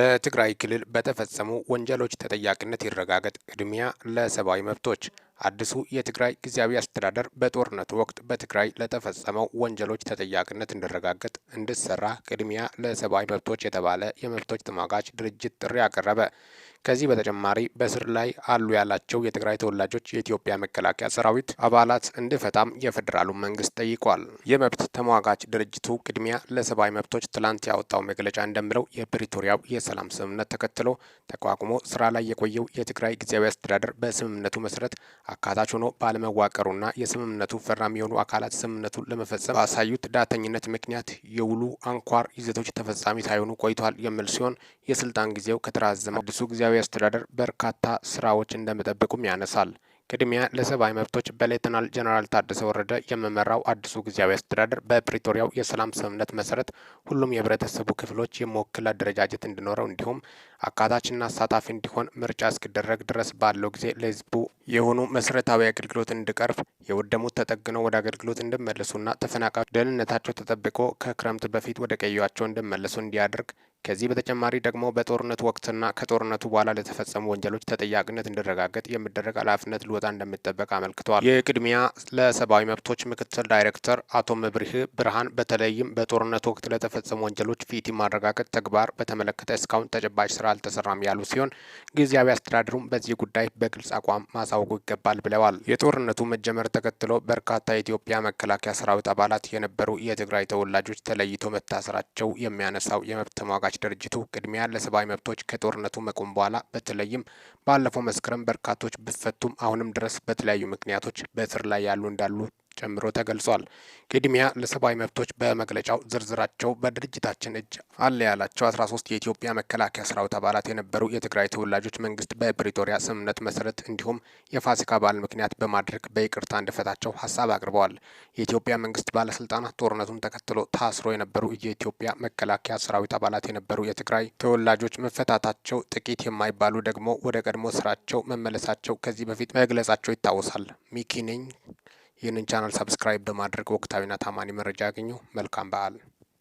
በትግራይ ክልል በተፈጸሙ ወንጀሎች ተጠያቂነት ይረጋገጥ። ቅድሚያ ለሰብአዊ መብቶች። አዲሱ የትግራይ ጊዜያዊ አስተዳደር በጦርነቱ ወቅት በትግራይ ለተፈጸመው ወንጀሎች ተጠያቂነት እንዲረጋገጥ እንዲሰራ ቅድሚያ ለሰብአዊ መብቶች የተባለ የመብቶች ተሟጋች ድርጅት ጥሪ አቀረበ። ከዚህ በተጨማሪ በእስር ላይ አሉ ያላቸው የትግራይ ተወላጆች የኢትዮጵያ መከላከያ ሰራዊት አባላት እንዲፈታም የፌዴራሉ መንግስት ጠይቋል። የመብት ተሟጋች ድርጅቱ ቅድሚያ ለሰብአዊ መብቶች ትላንት ያወጣው መግለጫ እንደምለው የፕሪቶሪያው የሰላም ስምምነት ተከትሎ ተቋቁሞ ስራ ላይ የቆየው የትግራይ ጊዜያዊ አስተዳደር በስምምነቱ መሰረት አካታች ሆኖ ባለመዋቀሩና የስምምነቱ ፈራሚ የሆኑ አካላት ስምምነቱን ለመፈጸም ባሳዩት ዳተኝነት ምክንያት የውሉ አንኳር ይዘቶች ተፈጻሚ ሳይሆኑ ቆይቷል የሚል ሲሆን የስልጣን ጊዜው ከተራዘመ አዲሱ ጊዜያዊ ጊዜያዊ አስተዳደር በርካታ ስራዎች እንደሚጠብቁም ያነሳል። ቅድሚያ ለሰብአዊ መብቶች በሌተናል ጀነራል ታደሰ ወረደ የሚመራው አዲሱ ጊዜያዊ አስተዳደር በፕሪቶሪያው የሰላም ስምምነት መሰረት ሁሉም የህብረተሰቡ ክፍሎች የሚወክል አደረጃጀት እንዲኖረው እንዲሁም አካታችና አሳታፊ እንዲሆን ምርጫ እስኪደረግ ድረስ ባለው ጊዜ ለህዝቡ የሆኑ መሰረታዊ አገልግሎት እንዲቀርብ፣ የወደሙት ተጠግነው ወደ አገልግሎት እንዲመለሱና ተፈናቃዮች ደህንነታቸው ተጠብቆ ከክረምት በፊት ወደ ቀያቸው እንዲመለሱ እንዲያደርግ ከዚህ በተጨማሪ ደግሞ በጦርነት ወቅትና ከጦርነቱ በኋላ ለተፈጸሙ ወንጀሎች ተጠያቂነት እንዲረጋገጥ የሚደረግ ኃላፊነት ልወጣ እንደሚጠበቅ አመልክተዋል። የቅድሚያ ለሰብአዊ መብቶች ምክትል ዳይሬክተር አቶ መብርህ ብርሃን በተለይም በጦርነት ወቅት ለተፈጸሙ ወንጀሎች ፊቲ ማረጋገጥ ተግባር በተመለከተ እስካሁን ተጨባጭ ስራ አልተሰራም ያሉ ሲሆን ጊዜያዊ አስተዳደሩም በዚህ ጉዳይ በግልጽ አቋም ማሳወቁ ይገባል ብለዋል። የጦርነቱ መጀመር ተከትሎ በርካታ የኢትዮጵያ መከላከያ ሰራዊት አባላት የነበሩ የትግራይ ተወላጆች ተለይቶ መታሰራቸው የሚያነሳው የመብት ተሟጋ አመልካች ድርጅቱ ቅድሚያ ለሰብአዊ መብቶች ከጦርነቱ መቆም በኋላ በተለይም ባለፈው መስከረም በርካቶች ቢፈቱም አሁንም ድረስ በተለያዩ ምክንያቶች በእስር ላይ ያሉ እንዳሉ ጨምሮ ተገልጿል። ቅድሚያ ለሰብአዊ መብቶች በመግለጫው ዝርዝራቸው በድርጅታችን እጅ አለ ያላቸው 13 የኢትዮጵያ መከላከያ ሰራዊት አባላት የነበሩ የትግራይ ተወላጆች መንግስት በፕሪቶሪያ ስምምነት መሰረት እንዲሁም የፋሲካ በዓል ምክንያት በማድረግ በይቅርታ እንዲፈታቸው ሀሳብ አቅርበዋል። የኢትዮጵያ መንግስት ባለስልጣናት ጦርነቱን ተከትሎ ታስሮ የነበሩ የኢትዮጵያ መከላከያ ሰራዊት አባላት የነበሩ የትግራይ ተወላጆች መፈታታቸው፣ ጥቂት የማይባሉ ደግሞ ወደ ቀድሞ ስራቸው መመለሳቸው ከዚህ በፊት መግለጻቸው ይታወሳል። ሚኪ ነኝ። ይህንን ቻናል ሰብስክራይብ በማድረግ ወቅታዊና ታማኒ መረጃ ያገኙ። መልካም በዓል